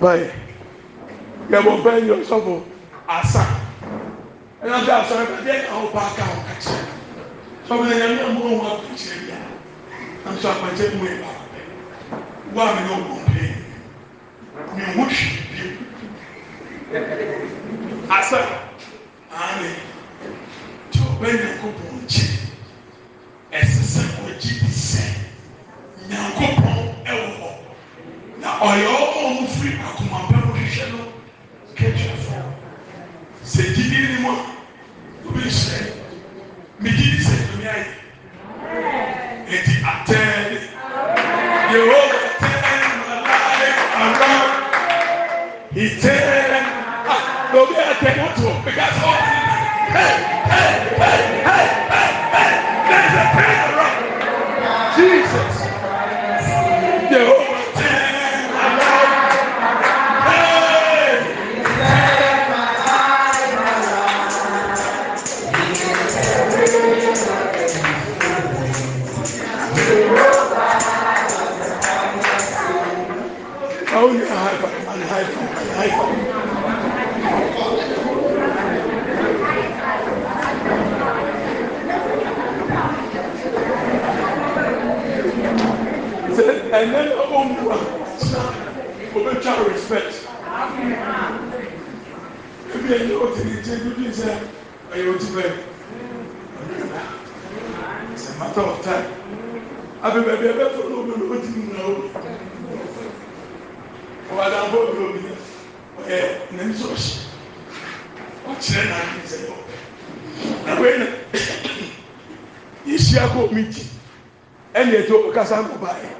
by gɛbɔprɛ nyɛosɛfo asan ɛnatɛ asan ɛpɛdi nawobaaka wɔkakyeɛ tɛmenɛ nyame a moɛhɔ aofokyerɛ bia anso akpakyɛ nim yɛbaabɛ woa mene wɔbɔndɛnii menho hwibie asan ane tɛɔbrɛ nyankoprɔn nkyer ɛsesɛ kɔgyibi sɛ nyankoprɔn wɔ hɔ na ɔyɛɔ ẹnẹ ọmọnua ọbẹtwa respect ebi ẹni otiri ti edudu sẹ ẹyẹ oti bẹ it's a matter of time abẹbẹ bi ẹbẹ fọlọ ọbẹ ní oti mu na o ọba dà bọ ọbẹ omi na ọyẹ nani sọ ọhyẹ ọkyerẹ n'adi sẹ ọbẹ na wei na yìí si akọ omi ti ẹni ètò kasa nkọ báyìí.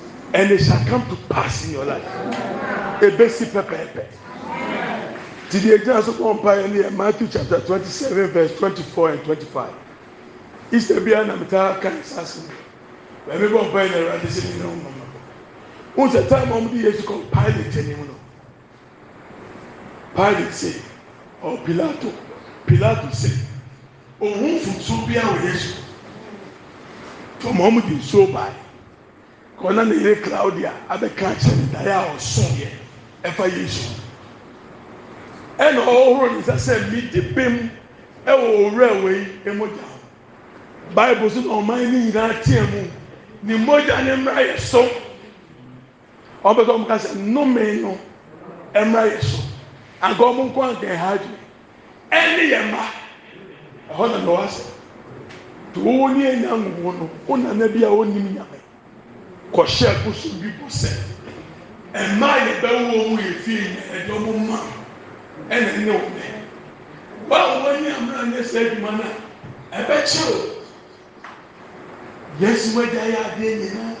and it shall come to pass in your life ebesi pẹpẹpẹ didi egyina so kọ come yẹn ni yẹ matthew chapter twenty seven verse twenty four and twenty five be bi anam ta kan saasi bẹẹbi bọ mpa yẹn na ẹwurade sẹ ẹni náà mọmọ wọn sẹ táìmù ọmọdé yẹn ti kọ pilate ẹni mu nọ pilate sẹ ọ pilato pilato sẹ òhun funfun bi àwọn yẹn sọ tọmọ ọmọdé so by wɔna ne yere claudia abe akyerɛ daya daeɛ a ɔso yɛ ɛfa yesu ɛna ɔhoro ne nsa sɛ mi de bem ɛwɔ owura wei emogya ho baibu so na ɔman ne nyinaa teɛ mu ne mogya ne mmra yɛ so ɔbɛ sɛ ɔmo ka sɛ nnome no mmra yɛ so anka ɔmo nko anka ɛha adwi ɛne yɛ mma ɛhɔ na na ɔasɛ to wɔn ni ɛnya ngugu no wɔn nana bi a wɔn nyame kɔhyɛ akoso bi bɔ sɛ mmaa yɛ bɛwɔ mu yɛ fie yɛ ɛdɔ mo ma ɛna ɛne wɔn dɛ wɔn a wɔn ani amuna ne sɛ adwuma na ɛbɛkyɛw yɛsi wagya yɛ adeɛ nyinaa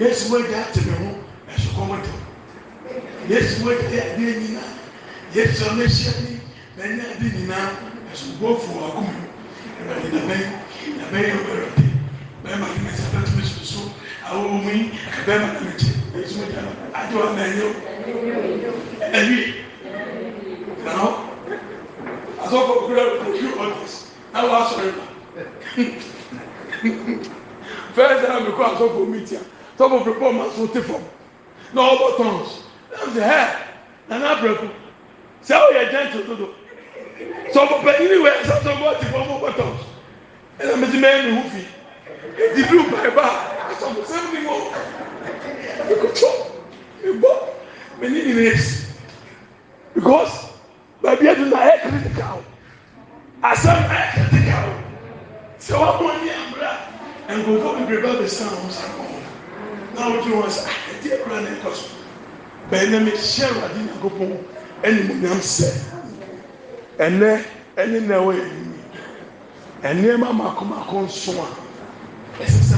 yɛsi wagya atene ho ɛso kɔn dɛ yɛsi wagya yɛ adeɛ nyinaa yɛsi wɔn ahyia bi bɛnyɛ adi nyinaa ɛso bɔfo akoma ɛwɛ ɛdabɛn ɛdabɛn yɛ wɛrɛ de bɛrɛ ma yi na sɛ bɛtumi soso àwọn ọmọ yìí ẹgbẹ́ máa ń jẹ èyí tó jà àjọ àmà ẹ̀yọ ẹ̀yí ẹ̀nà àtọ́kọ̀ òkúrẹ́ òkúrẹ́ ọ̀dẹ́s náà wàá sọ̀rọ̀ ìgbà fẹ́ẹ́ sẹ́nà mi kọ́ àtọ́kọ̀ omi tíya tọ́kọ̀ òkúrẹ́ pọ̀ máa sọ ti fọ̀ náà ọ̀bọ̀ tọ̀ns ẹ̀ ẹ̀ nana abẹ́kù sẹ́ ọ yẹ jẹ́ ntò dodo sọ̀bọ̀ pẹ̀ yìí wẹ̀ sọ́tọ̀ bọ́ọ̀tì fọ́ o bọ̀ tọ̀ns ẹ̀ asɔfo sɛm ni mo ekutwo ebɔ me ni nyina esi because baabi edu na ɛyɛ critical asɛm ɛyɛ critical sɛ wabɔ ni abira nkoko bebree ba bɛ san wɔn san wɔn na wɔdi wɔn sɛ ɛdi ekura na ɛkɔ so bɛyɛ mi hyɛn wadi nyako pɔn ɛni mu nyam sɛ ɛnɛ ɛni na ɛwɔ yɛ nimi ɛnneɛma mako mako nso a ɛsɛ sɛ.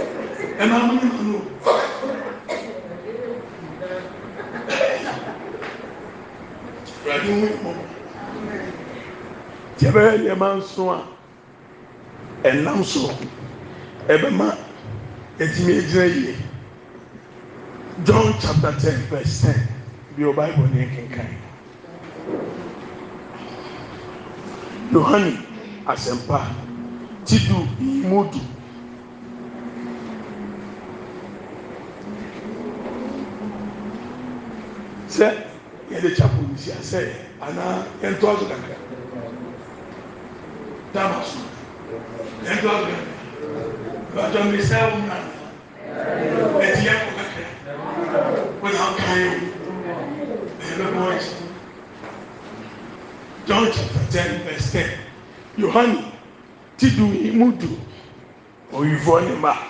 ẹ máa mú nínú nù. ìrọ̀lẹ́ ń wí mọ́ tí ẹ bẹ́ẹ̀ yẹ máa ń sún à ẹ̀ nam so ẹ bẹ́ẹ̀ máa ẹtìmí egyina yie John chapter ten verse ten bí o Bible ní kankan Yohane asẹmpa ti du imudu eo 0 ti ud oineaye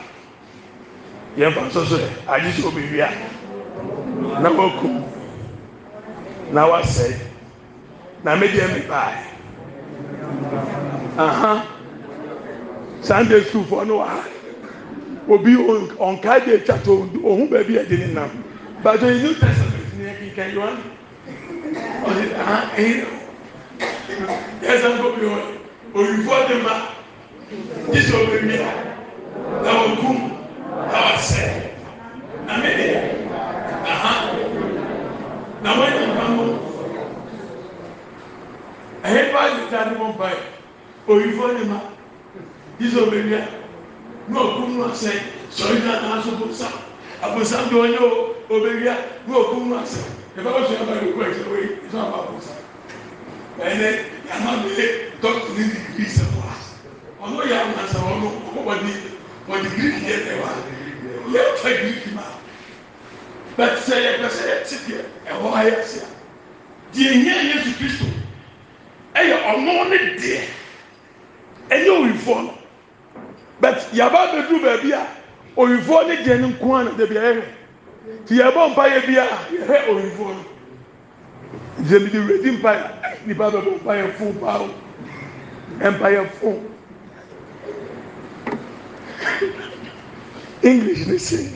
na wasɛe na medeɛ mebae aha sunday schoolfoɔ no wɔ ha obi ɔnkae de atwa to ohun baabi a yɛde ne nam but in new testament ni ɛkenkan yohan ɔde aha ɛyin yɛsɛ nkɔ bi wɔn oyinfoɔ de ma yesu ɔbɛ mi na wɔn kum na wasɛe na medeɛ aha na wɔn yɛ mpa ɛyɛ ba yi ta ni mo ba yi oyinfo ni ma disobediya ní òkun mu asɛ sɔrɔ yina na aso bosa abosa do ɔnye o obediya ní òkun mu asɛ ɛfɛ o sɔrɔ ba yi o kɔ ɛsɛ o yi ɛsɛ o ba bosa ɛnɛ yàrá mi lé dɔkita ní digiri sɛ wa ɔno yà wọn asɛ ɔno ɔmo wɔ di wɔ digiri yɛ tɛ wa yɛ tɛ digiri ma bɛtɛ yɛ pɛsɛ yɛ ti diɛ ɛwɔ ayɛ seɛ diɛ nyɛ Yesu Kristo ɛyɛ ɔno ne deɛ ɛyɛ oyifoɔ no but yaba abɛduru baabi a oyifoɔ ne deɛ ne nko ara de bi ɛyɛ ti yɛbɔ mpa yɛ bi a yɛhɛ oyifoɔ no jẹmidi wẹdi mpa yɛ nipa bɛ bɔ mpa yɛ fún paa o mpa yɛ fún english ne say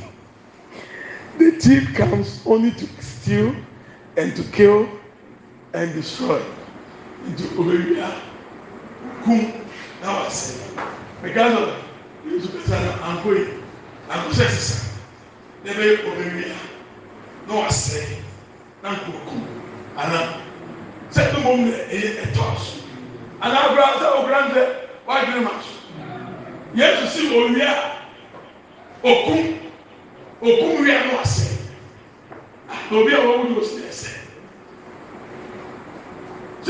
the thief comes only to steal and to kill and destroy. nti obewia okum na wosɛ ecaso yespɛsan ankyi ankosɛ sesɛ ne bɛyɛ obɛwia na wasɛ nankookum ana sɛ omom n yɛ ɛtɔaso ana kra sɛ okra ntɛ woadwere ma so yesu sin owia oku okum wiea na wasɛ ɛobia ah, wowodosisɛ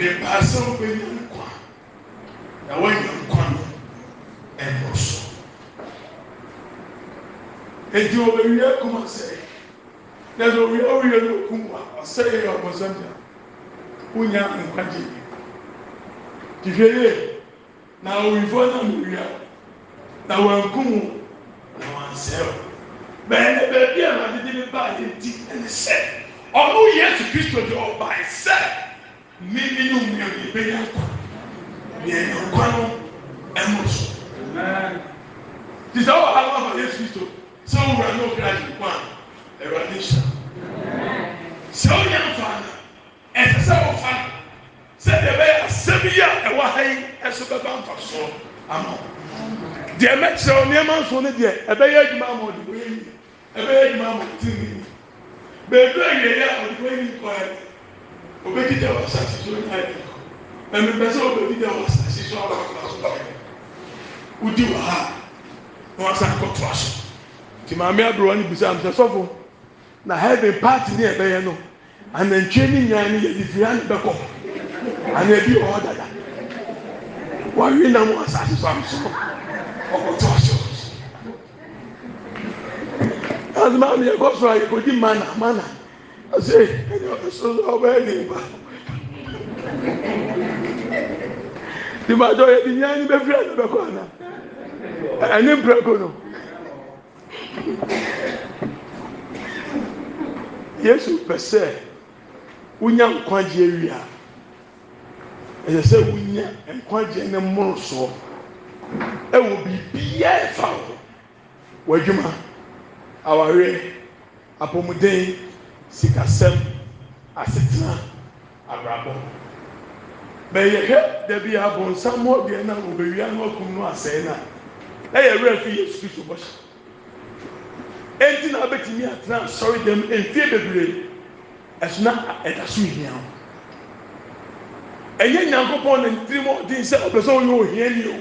nebaasɛ wobɛni nkwa na woayɛ nkwa no ɛnoɔso ɛdi wɔbɛwia kum ɔsɛyɛ nado owia no ɔkum wa ɔsɛyɛ yɛ ɔbɔsɛmde wonya nkwa gye bi ntifieyi na ɔwifɔ no mewia wɔ na woankum hɔ na wɔansɛ ɔ bɛtɛne bɛabiamadedi mi baa nɛ di ɛne sɛ ɔno yesu kristo de ɔ baesɛ mímí ní omi ẹ̀kọ́ ìbéyà kọ́ ní ẹ̀yìn ọ̀kọ́ ẹ̀mọ́ ẹ̀mọ́ so. Tìsá wà á wà wà Yéṣu tó sọ wúrà ní òkè àjò kọ́ à ẹ̀rọ ní sà. Sẹ ó yẹ nfa àná ẹ̀sẹ̀ sẹ wọ́n fa sẹ ẹ̀ bẹ́ẹ̀ asẹ́mi yá ẹ̀wọ́ ha yìí ẹ̀sọ́ bẹ́ẹ̀ bá nfa sọ àmọ́. Deɛ mɛkyerɛ wɔn nneɛma nso ne deɛ ɛbɛyɛ adwuma ama ɔde wɔn yi ɛbɛyɛ adwuma ama ɔde wɔn yi beebi a yɛ yɛ ɔde wɔn yi kɔɛ. Obe wɔ asase so ɔnyɛ ayɛ kɔ na mepɛ sɛ obedida asase so awa akora so ha na wɔn aso nti maame aburuwa no bisa na heaven party ne ɛbɛyɛ no anantwie ne nyaa ne yɛ didi ano bɛkɔ ana ebi wɔ dada nam asase so aso e mana mana. ase ɛdi ɔsoso ɔbɛ ni ba dìbàdàn yẹn ti yẹn ni bẹ fi ẹni bẹ kọ àná ẹni mpẹrẹkọ nù yesu pɛ sɛ wonya nkwagye awia ɛsɛ sɛ wonya nkwagye ne mmoro soɔ ɛwɔ biribiya ɛfa ho w'adwuma awareɛ apɔmuden sikasɛm asetena abrabɔ bɛyɛhwɛ dabi abonsam hɔ deɛ na obewia no akum no asɛe na ɛyɛ werɛ fi yesu kristo bɔhyɛ enti na abɛtumi atena asɔre dɛm mfie bebree ɛso na ɛda so hia ho ɛyɛ nyankopɔn na ntiri mu ɔden sɛ ɔpɛ sɛ ɔyɛ ohia ni o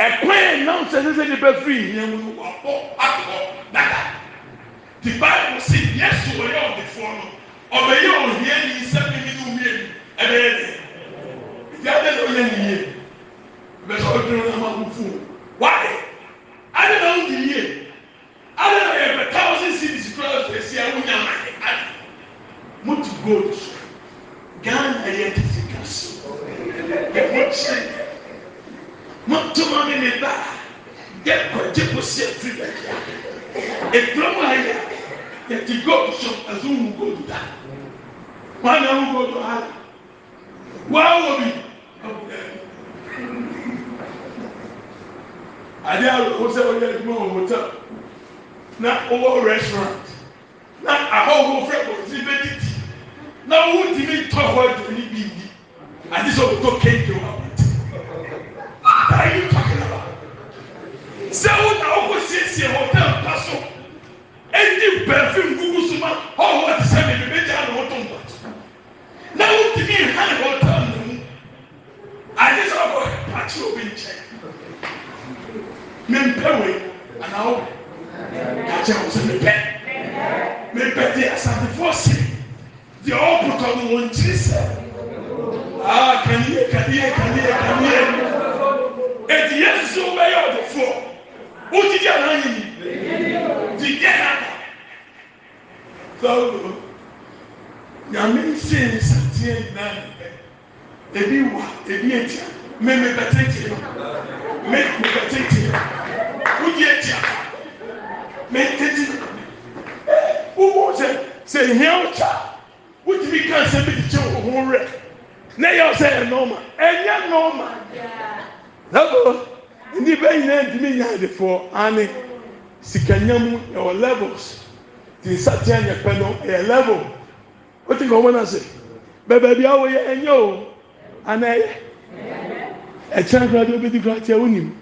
ɛkwan ɛnam sɛ sɛ sɛ nipa firi hia mu no wɔabɔ ato hɔ dada. sibib se biesuoyoo de fono obeyoo hieli sepiitemieli ebeee tiadenoleniye besoedonamakufu wae adenadiyie azum godu da wana hu godu ala wawo bi ade a wo sɛ ɔyɛ adwuma wɔ hotel na ɔwɔ restaurant na ahɔhoɔ fɛ ɔsi bɛ didi na ɔwɔ ntumi tɔ hɔ adwuma bi di ade sɛ ɔtɔ kéèké wɔ hɔ what are you talking about sɛ wo na ɔkɔ siesie hotel pa so. di bafinkuwu so ma ɔhɔ de sɛminebɛdianowodɔnbɔt na wotimi hane bɔta nom anesɛ kɔpakyerɛobinkyɛ mempɛ wei anawo kywo sɛ meɛ mempɛ deɛ asatefoɔ se deɛ ɔpotɔme wɔ kyiri sɛ kaninn ɛdiyɛso wobɛyɛ ɔdefoɔ wodiyaanayimi diɛnan sao nyame syensa teɛnda nɛ ebi wa bintia meeeɛ wotia me wowɔo ɛ sɛ hia wo kya wotumi ka sɛ bi gyekye wo ho werɛ nɛ ɛyɛwo sɛ yɛ nɔrma ɛnyɛ nnɔrma ao ndi bɛ nyina ndimi yaadefoɔ ane sikanyamu yɛwɔ levels ti nsateɛ nyɛ pɛ no ɛyɛ level o ti ka ɔmo na se bɛbɛ bi awo yɛ ɛnyɛ o ana ɛyɛ ɛkyɛn kura de obi di kura kyɛ onim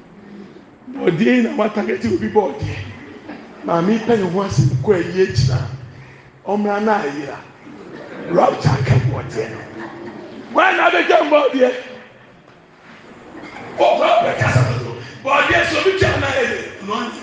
bɔdeɛ yi na wata kɛtɛ obi bɔdeɛ maame pɛ ne ho ase kɔ ɛyi akyina ɔmo ana ayira rabta ka bɔdeɛ no wɔn na bɛ gya bɔdeɛ ɔkɔ bɛ kasa bɔdeɛ so obi gya na ɛyɛ lɔnti.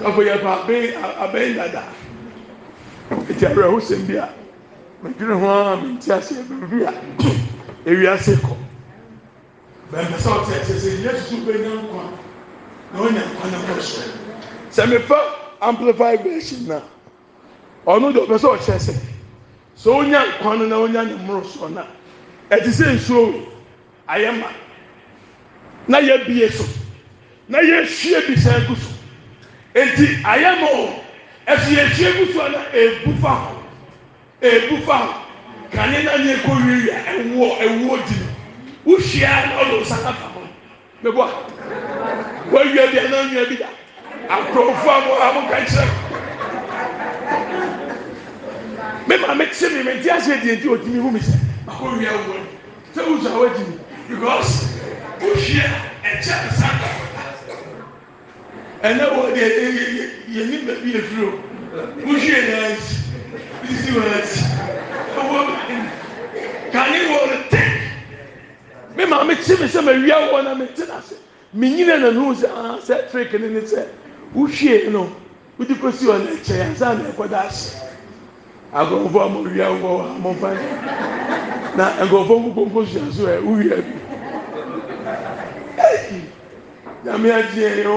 sɛfo yɛpa abɛi dadaa ɛtiawerɛhohyɛm bi a medwere ho aa menti asɛ babbi a ɔwia se kɔ bɛmpɛ sɛ ɔtekyɛ sɛ nnya tutu bɛnya nkwan na onya nkwa no morohyɛ sɛ mepa amplifi baation noa ɔno de ɔpɛ sɛ ɔkyerɛ sɛ sɛ wonya nkwa no na onya ne mmorosoɔ no ɛti sɛ nsuowee ayɛ ma na yɛabie so na yɛahwie bi san ku so eti ayé mọ o ẹsì ẹsì egusu ọ̀nà ebu fa ho ebu fa ho kàní náà ní ẹkọ yìí yà ẹwọ ẹwọ di mi wúhyìá ọdún sáká fà mọ mẹbọ a wọ́n yẹ bi ẹ̀ná yẹ bi dà àkùrọ̀fọ́ àmọ́ àmọ́ kàkye mi maa mi ti mi mi ti ase di eti odi mi hu mi sẹ akọ yìí ẹwọ sẹ wùsọ àwọn di mi because wúhyìá ẹ̀kyẹ́ sáká fà. ɛnɛ wɔ de yɛnia bi afur wohwe n iwa kane wɔt mema mete me sɛmawia woɔna metenasɛ menyina nanu sɛsɛ ah, trik ne ne sɛ wohwe no wodiposi wɔnɛ kyɛɛnsɛ neɛkdase arɔmfɔɔ mɔwiawomɔbane na nkɔfɔ nkonkɔ suaso wowia bi name ageɛo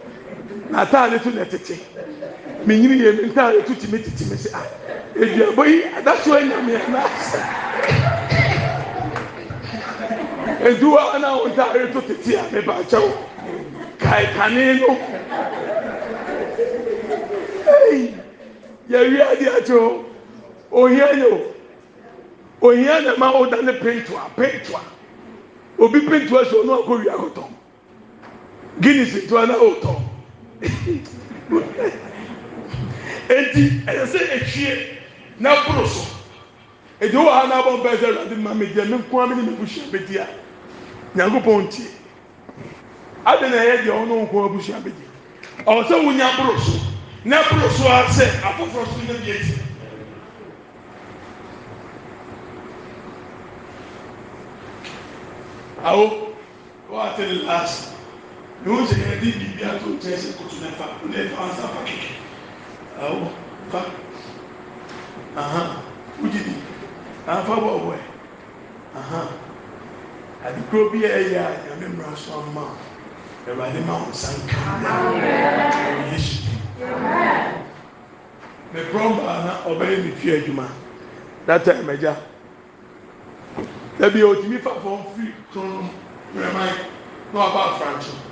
Ah, na tu na ɛtete menyini yɛ mi ntaade tu tìmi tìmi sɛ ah eduabo yi adaso enyame anaasa eduwa na wɔn ntaade tu tete a meba akyɛw kae kane no eyi yɛwi adi akyɛw ohia yɛ o ohia na ma ɔda ne pentua pentua obi pentua so ɔno akɔ wi akɔtɔ guinness ntua na ọtọ? eti ɛyɛ sɛ ehwie na boro so edi wɔ ha n'abɔ mpɛ sɛ ɛdi ma mi gya mi nko ami ni mi busua mi di a nyanko pɔn ntie adi na ɛyɛ deɛ ɔno nko abusua mi di ɔwɔ sɛ wonya boro so na boro so a sɛ afoforɔ so na bi eti. awo wa ati ni laasi ne ho gyina yɛde biribi ato nkyɛn sɛ koto na fa ne fa ansa fa kɛkɛ awo fa aha wogye bi anfa bɔ ɔwɔ ɛ aha adekoro bi a ɛyɛ a nyame mmara so ama ɛwurade ma wɔn nsa nka ɛwɔ yesu ne brɔmba na ɔbɛyɛ ne tue adwuma that time ɛgya dabi a otumi fa fɔm firi tɔn mmerɛman na ɔba afranso.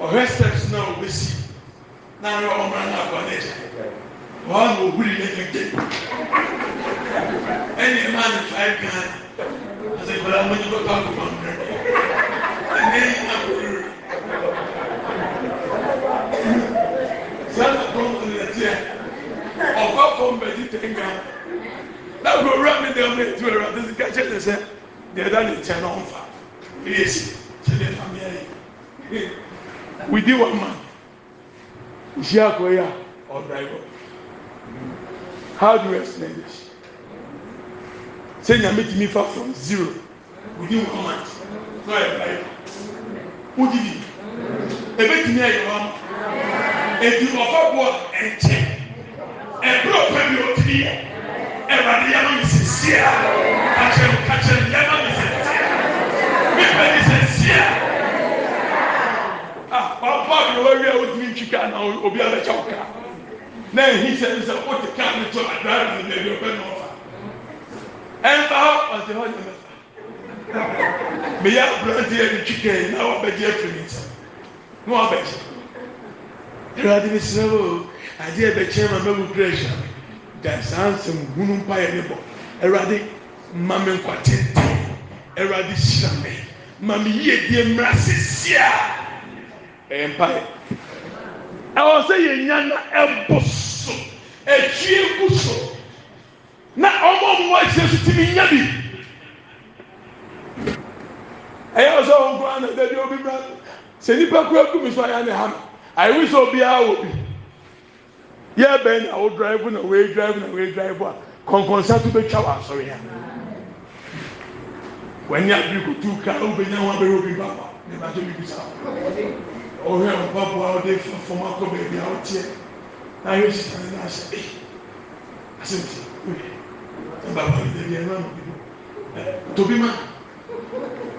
ɔhɛ seps noa wobɛsi n ra ɔmra non ana ohuren ɛnmane t a aɛ ɔkɔmbagi tnga akowra mentiɛkye sɛ dedane tɛnemfaɛɛaa We within one month ìṣe àkọyà ọ̀dà ìwọ̀ how do you explain this ṣé nyàmé ti mi fa from zero We within one month náà ẹ̀ báyìí wọ́n ti di ebe ti mi ẹ̀ yọ ọmọ èdè ọ̀fọ̀ bọ̀ ẹ̀ nkyẹn ẹ̀bùrọ̀ pẹ̀ mi ò ti yẹ ẹ̀rọ adé yẹn má mi sì sí ẹ̀ àkàtúntì yẹn má mi sì sí ẹ̀ mi pẹ̀ wotwikɛɛɛnttwiknɛ nw merɛ eɛbɛkye ma mukrasa ɛasɛhun ne b mame nk w yam mameyeiɛmmra sesia ɛyɛ mpaeɛ ɛwɔ sɛ yɛn nya na ɛbo so ɛtwie gu so na ɔmo ɔmo akyerɛ so tumi nya bi ɛyɛ wɔ sɛ ɔmo kura na ɛdɛbi obi bra sɛ nipa kura kum so ayɛ ne ha no ayewi sɛ obiara wɔ bi yɛ bɛn na o drive na o drive na o drive a kɔnkɔnsa to bɛtwa wɔ asɔre ya wɔn nyɛ abiri kutu kaa o bɛ nya wɔn abɛyɛ obi ba ma ne ba to bi bi sa ɔhwɛ mpaboa ɔde fam akɔ baabi a ɔteɛ na ayɛ sitane na ahyɛ ee asɛnti oye ɛbaako yi baabi ɛna no bi no ɛ tobi ma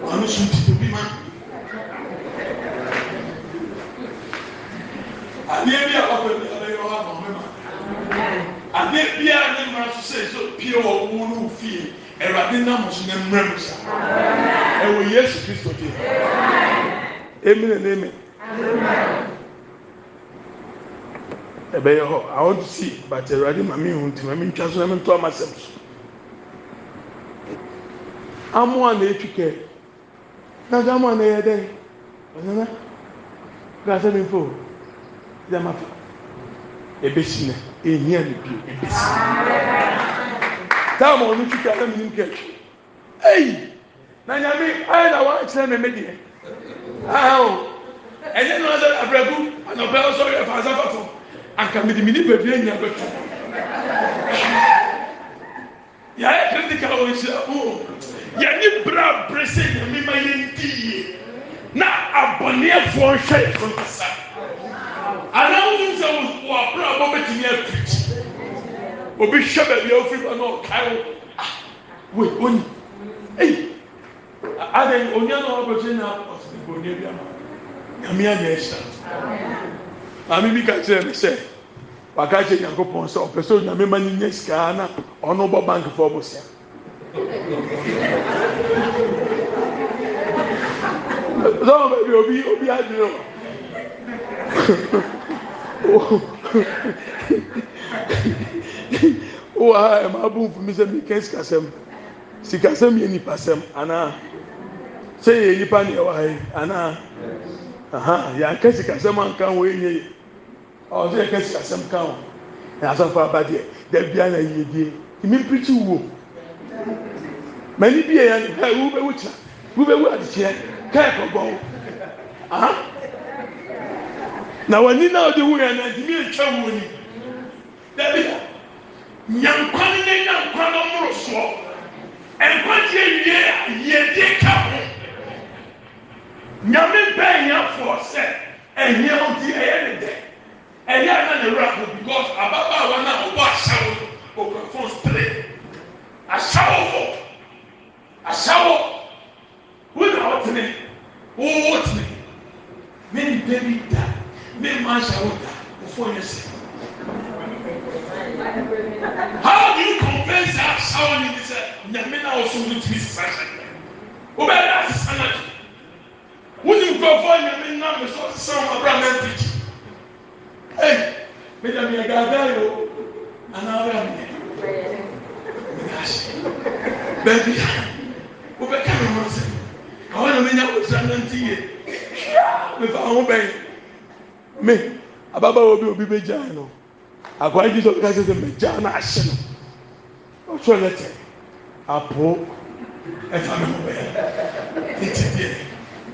ɔno so ti tobi ma adeɛ bi a ɔbɛ bi a ɔbɛyɛ ɔha ma ɔbɛ ma adeɛ bi a ne mma so sɛ so pie wɔ wɔn no fie ɛwurade nam so na mmerɛ mu sa ɛwɔ yesu kristo de ɛmu na ne mu ɛbɛyɛ hɔ i want to see but awurade maame ihu nti maame ntwa so na mi nto ama sɛm so amoa na etwi kɛ n'adze amoa na ɛyɛ dɛ ɔnana gaasa mi fo ɛdɛ ma fa ebesi na ehia mi bio ebesi taama ɔno twi kɛ ɛna mi nim kɛ ɛtwi ɛyi na nyame ayɛ na wɔn akyerɛ mi mi deɛ ahaw. nmn nay yɛne brabere sɛ nyaema yɛniye n aɔneɛfɔhwɛanɛɛ a oɛhwɛ ah, aaia amneɛa amebi ka kyerɛ ne sɛ waka kye nyankopɔn sɛ ɔpɛ sɛ nyameɛ maninya sikaa na ɔno bɔ bank fɔ bosa sɛbɛi obi aderɛɔ wowaa ɛmaabumfumi sɛ meke sikasɛm sikasɛm yɛnipasɛm anaa sɛ yɛ nipa neɛwae anaa yɛankɛsi kasɛm anka ho ɛnyɛ yɛ ɔwɔ sɛ yɛkɛsi kasɛm ka ho na asafo abadeɛ dabi ana yiedie emi mpirikyi wuo mɛni bi yɛ yɛn ɛ wubɛwu kyerɛ wubɛwu adekyeɛ kɛɛ kɔbɔn aha na wani na ɔde wu yɛn na ntumi etwa wuo ni dabi nyankwan ne nyankwan ɔmoro soɔ nkwagye yie yiedie ka ho. nyame bɛa ha fo sɛ ahia wodi ɛyɛ ne dɛ ɛyɛ na ne werafo because ababaa wana wɔbɔ ahyawo okɛfo spre ahyawo fɔ ahyawo woda wotene wowo tene menpɛni da menmahyɛ wo da wofɔnyɛ sɛ howdo compensa ahyawo nnini sɛ nyame no wososo timi sesa hyɛ wobɛnɛ sesa nado wote m gofonya mena meso sa bra nentege meda mie gaday anawem ee betbia obe ke me mse ene menyaotra nanteye mefamo be me ababaob obi begja no akwaisokasese mejana aseno otlete apo efame mobe itiie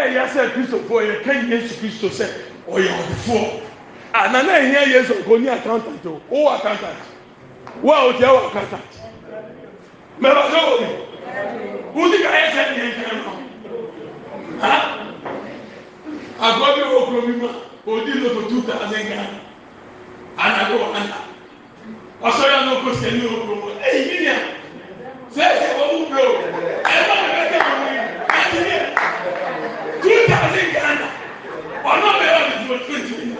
eyasɛ kristo foyɛ keyesu kristo se oyɛodfuo anane hia yesu goni accountat ow accountat waotiawo accountat mebasewo wudikayɛ se niyekema agoni wo kromima odi nokotutaaseng anakewoanta serenkoseni kom ina se owupr e two thousand Ghana ọ̀nà mẹ́wàá mi ti wọ twenty million.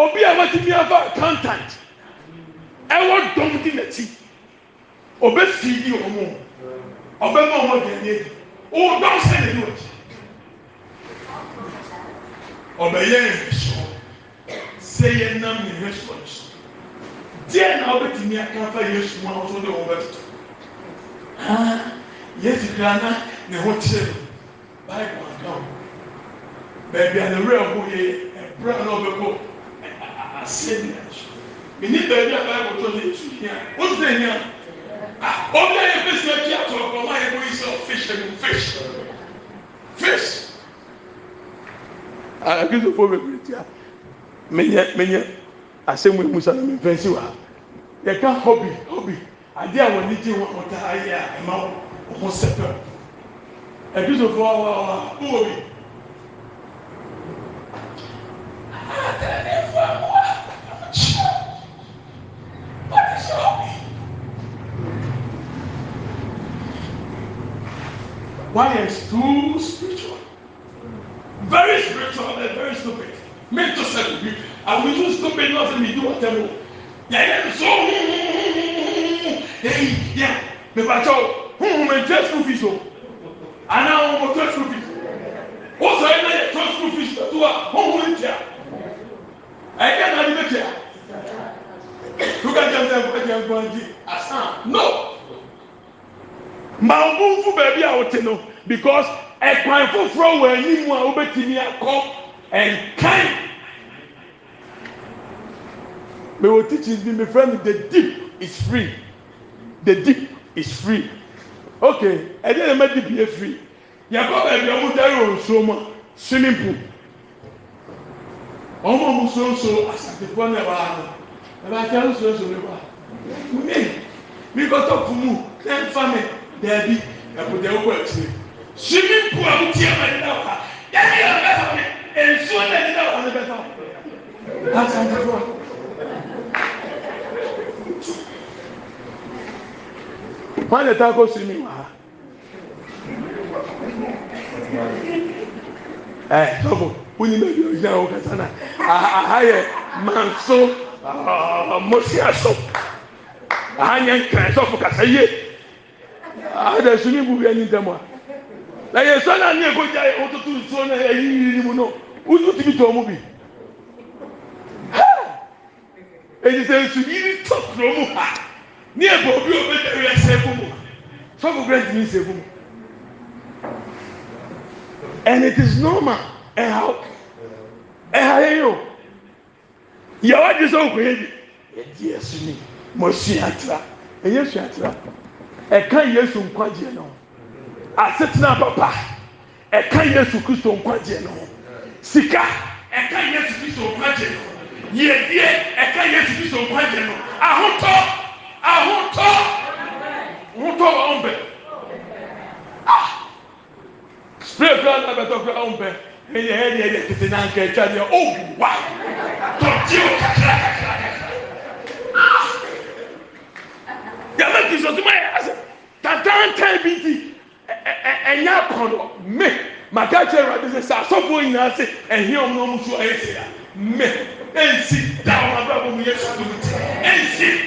obi a wati mi ava accountant ɛwɔ dɔm di n'akyi obe fi di ɔmo ɔbɛ ma ɔmo di ɛniɛ ɔwɔ dɔm sɛ n'ani wɔ akyi ọbẹ yẹ ẹhẹsọ sẹ yẹ nam ẹhẹsọ ẹhẹsọ díẹ̀ náà ọbẹ tì mí akáfa yẹ sùnmọ àwọn tó ń dẹ wọn Ah, yetikana nehotl bible a bbiano ranbek en e bible oesiatayss kisofo bebetia eye asemusameesi yka adeɛ a wɔn gye wɔn wɔn taa yɛ a ɛma wɔn ho sɛpɛ ɛdusofo a wɔn a wɔwɔ bi. Why is too spiritual, very spiritual and very stupid. Make yourself be. I will do stupid nothing we do at the moment. Yeah, yeah, so. Hmm, hmm, hmm. Yeah, me mipatsɛ o huhu mi tɛ school fees Oh, ana wɔn mo tɛ school fees o sɔ yɛ n'ayɛ tɔ school fees tɛ to a huhu mi tia ɛyɛ yɛ n'adi mi tia tuka jɛn sɛ nkɔ jɛn nkɔ nti asan no maa o b'u fu baabi a o ti no because ɛkwan foforɔ wɔ anim a o bɛ ti mi akɔ ɛnkan mɛ wɔ teachings bi mi fɛ the deep is free the deep is free okay ẹdí ẹdí mẹdí bi yẹ free yẹ kọ bẹẹbi ọmọ dari wọn nsuo mu a swimming pool ọmọ ọmọ nsonso asatefo na ẹwà ano ẹbí àti ẹwà nsonso ni wà mi mi kọtọ kù mu ẹ nfa mi dẹbi ẹkùtẹ ẹwọ ẹkyẹ swimming pool a mo ti ẹ ma ẹni náà wà yẹni yọ ọbẹ fà mi nsuo náà ẹni náà wà ní bẹ fà asatefo wọ́n lè tako sí mi wá. ẹ sọ́kò wúni bẹ́ẹ̀ bí ọ̀yìn àwọn kẹsàn náà àhá yẹ máa ń so mọ́sí àṣọ àhá yẹ nkàn ẹ̀ sọ́kò kàṣẹ yé àdà sùn ní ibùbí ẹni dẹ́mu a lẹ́yìn sọ́ náà ní ẹ̀kọ́ jáde òtútù nsúwọ́n náà ẹ̀yí yìí ni mu náà wúni ó ti fi tọ́ ọmú bi èyí sẹ́ nsú yìí tọ́ kúrò mu ha ní ẹ̀bùn obi ò bẹ́ẹ̀ tẹ̀lé ẹsẹ̀ fún mu sọ́kù grace mi ń ṣe fún mu and it is normal ẹ̀ha ẹ̀ha yẹn o yàwá di sọ nkùn yẹn di yẹdi ẹ̀sùn ni mo sùn àtìrà ẹ̀yẹ sùn àtìrà ẹ̀ka Yesu nkwagyeɛ no asetena papa ɛka Yesu Kristo nkwagyeɛ no sika ɛka Yesu Kristo nkwagyeɛ no yɛdie ɛka Yesu Kristo nkwagyeɛ no ahotɔ. o sraaɛ yɛɛkenwadɛ yamɛtoayɛa tatata binti nya ad me akakas sɛ asɔpo nyinaa se himnomutuayɛsea nsdy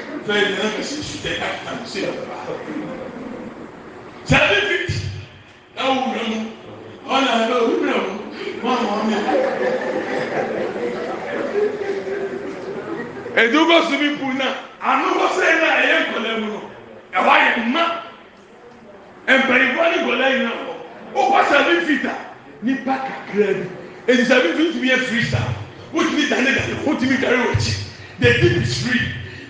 fɛn yɛn na si su tɛ kakita mu se ba sadi fit na wura mu ɔna ɛbɛ wura mu mɔna ɔmi. edugo swimming pool na anugbo sɛn na ɛyɛ nkɔlɛ mu no ɛwɔ ayɛ mma mpanyinfoɔ ne nkɔlɛ yi na wɔ ɔkɔ sadi fit a nipa kakra bi edi sadi fit bi yɛ free sa wotumi dani dani wotumi kari wɔ akyi the deep is free.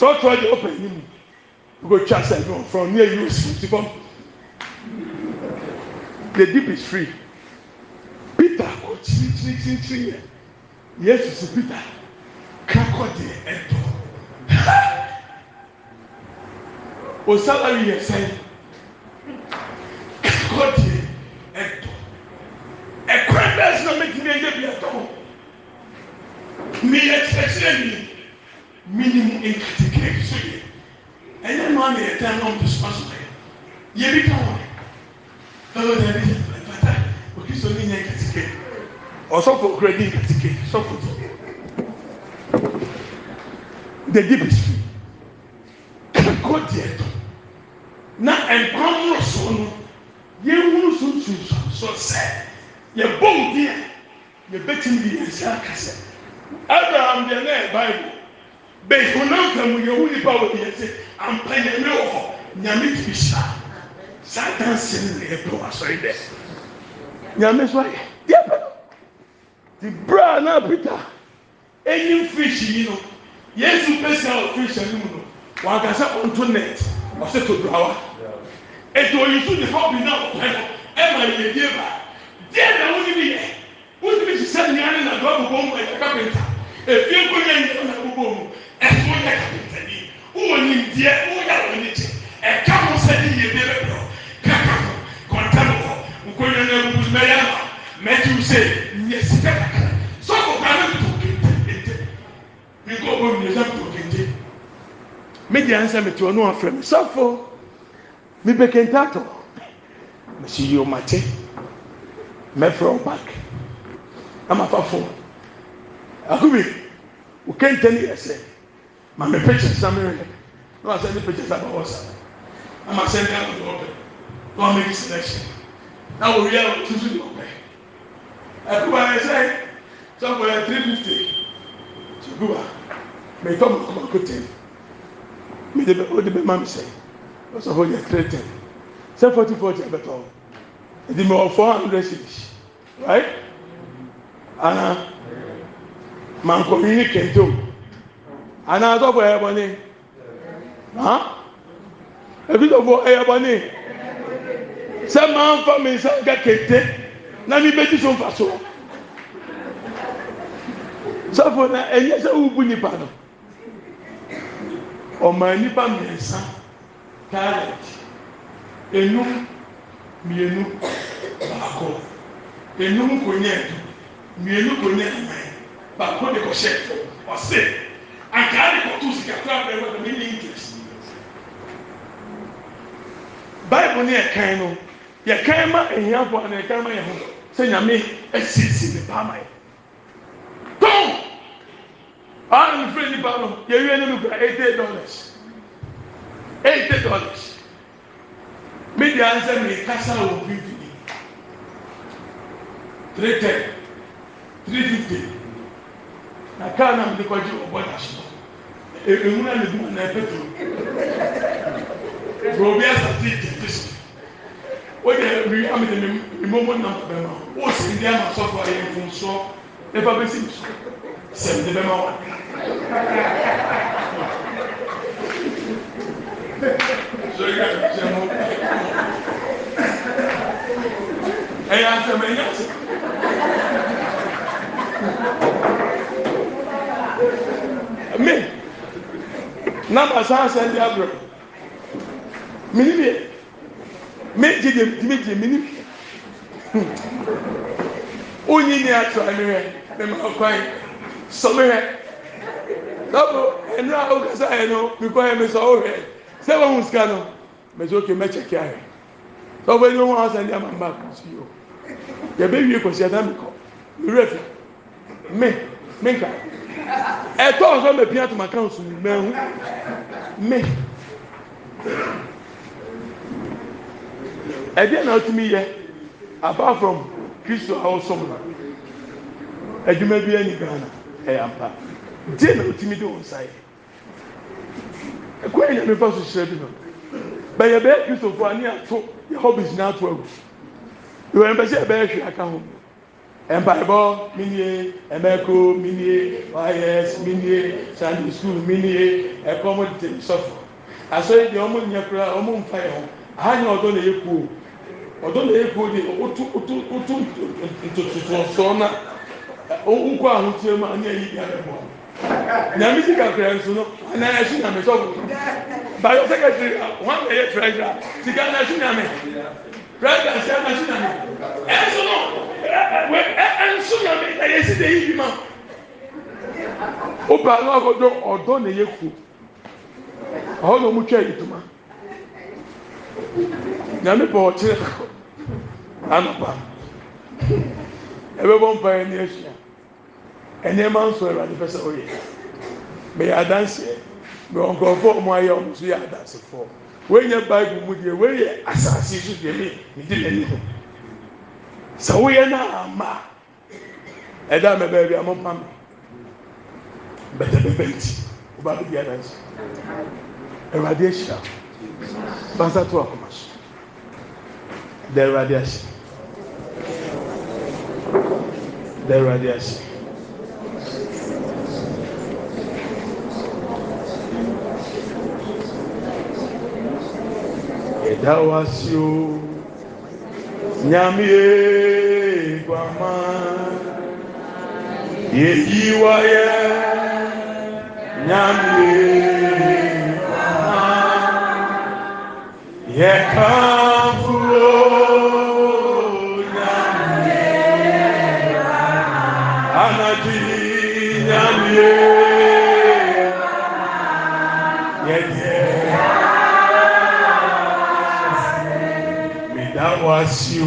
sọtọ di ọpẹ ni mu you go try sell no from near you si ti fọ the deep is free peter kọ tiri tiri tiri tiri yẹ yesu si peter kakọ di ẹtọ o salary yẹ sẹ kakọ di ẹtọ ẹkọ ẹgbẹ ẹsẹ náà méjì ní ẹjẹ bi ẹtọ mi yẹ kyerẹkyerẹ mi minimum nkatikiri bi so yɛ ɛyɛ maa na yɛ dan na ɔmo so aso yɛ yɛ bi ka wɔn ɛwɔ dɛ bi ɛfata oki so ne nyɛ nkatikiri ɔsɔfo kura di nkatikiri sɔfo di the deep is free ɛkɔ deɛ tɔ na nkwan so no yɛn wuru so sunsun so sɛ yɛ bɔ mu deɛ yɛ bɛ ti mu bi yɛn akasɛ abraham deɛ na yɛ baibu bẹẹfo náà nka mu yẹ wọn nipa wọn yẹ sẹ ampa nyame wọ hɔ nyame ti sa saa dansi na yɛ pɛ wasɔre dɛ nyame sɔ yɛ yɛ pɛ ti bra na peter enyim fish yi no yesu pɛsia wɔ fish anim no wankasa ɔnto net ɔsɛ todoawa etu oyisu de hɔ bi na ɔpɛ no ɛma yɛ die ba deɛ na wɔn bi yɛ wɔn bi sisɛ nyaa ne na dɔbɔ wɔn mu ɛyɛ kapenta efie nkonya yi na wɔn abobɔ wɔn mu. yakate won die yante ekamseniyeiee tan knyema etmse yesi tekakae soan k akente medianse mitioneafreme sofo mibekente to mesiyiomate mefre oa amafafo akube okenteniyese mame pite sa mee sede aesasa msendde mke selet oyis de akubase sf 3 50 kba mefke tem deema mese f3 t0 se 44taet etmo 4 h00red se ri an mako yni kento anaa sofo eyeboné a ekisofo eyebone sɛ manfa minsan ke kete na mi medi so nfa so safona enye se wubunipano omaanipa minsan taret enun mienu baako enun konyi adu mienu konyi anai bakonekocheto osé kaarekɔtoskapradmeneintres bible ne yɛkan no yɛkan ma ahiafo ana yɛkan ma yɛ ho sɛ nyame asisi ne paamayɛ tɔn anamefrɛniba mɔ yɛwie no mkra 80 dollars 80 dɔllars medea n sɛ mekasa a wɔ fididi 3t0 3 50 na kar no mede kɔgye ɔbɔnasono emunaned neepetobobisatetees e amede imomo na bema osendi anasofoyefon so ebabesinso semede bemao eytemeyate na ma saa asɛn de agorɔ mini bie mi gye de mi gye mini bie onyi ni ato ɛmi hɛ ɛmi akwan sɔmi hɛ dɔbɔ ɛnu a okasa yɛ no mi kɔ yɛ mi sɔ ɔhɛ sɛ wɔn ho sika no mɛ sɛ oke mɛ kyɛ kia hɛ dɔbɔ ɛni wɔn asan de ama mba kò si o yɛ bɛ wie kò si ɛdá mi kɔ mi rɛ fi mi mi nka ɛtɔ nso mɛ pia tuma kan sun mɛhu mɛ ɛdeɛ na atumi yɛ apart from kristu ahosom no adwuma bi ani ghana ɛyɛ ampa deɛ na otumi de wɔn nsa yɛ ɛkwan yɛ nipa so hyerɛ bi no bɛyɛ bɛyɛ kristofo ani ato yɛ hobbies na ato agu yɛ wɔn mpɛ sɛ ɛbɛyɛ hwɛ aka ho. mpaebɔ minie ɛmɛko minie ɔyɛs minie sunday school minie ɛkɔ mo tètè sɔfo asɔre deɛ ɔmo nyɛ kura ɔmo nfa yɛ ho na yɛ ɔdɔ na yɛ otu otu otu ntototoɔ na ahụ ahotie mu ani ayi bi abɛbɔ nyame kakra nso no ɛsi nyame sɔfo bayo sika na ɛsi rẹ́gbà ṣe é machine àná ẹ̀sùn náà ẹ̀sùn yàrá ẹ̀yẹ sí de yìí bí ma ó bá àwọn ọgọdọ ọdọ na ẹyẹ kú ọhún ló mú twẹ ìdùmá nyàmé bọ ọkyẹrẹ kọ anọpa ẹbẹ bọ mpa ẹni ẹhyia ẹni ẹ máa ń sọ ẹrọ adé pẹsẹ ọyẹ bẹyẹ adansi ẹ bẹ wọn nkurọfọ ọmọ ayé ọmọ nso yẹ adansi fọ wɔyɛ bible mu deɛ wɔyɛ asase so deɛ mi mi di n'ani ho sɛ wɔyɛ na ama ɛda mɛ baabi a mo ma mi bɛtɛ bɛbɛ nti ɔba bi di adansi ɛwurade ahyia bansa to akoma so da ɛwurade ahyia da ɛwurade ahyia. dawasio nyamye gbama yeyiwa yɛ nyamye ama yɛ kavulo anadii nyame 我喜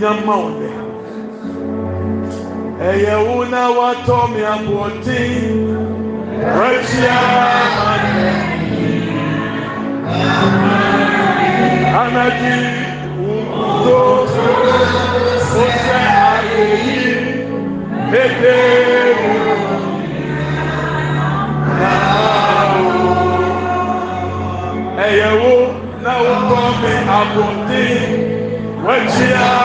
nyamaòea eyewo na watɔme abɔti watia a anadi wudo wose aleyi meɖewu eyewo na wotɔme abɔti watia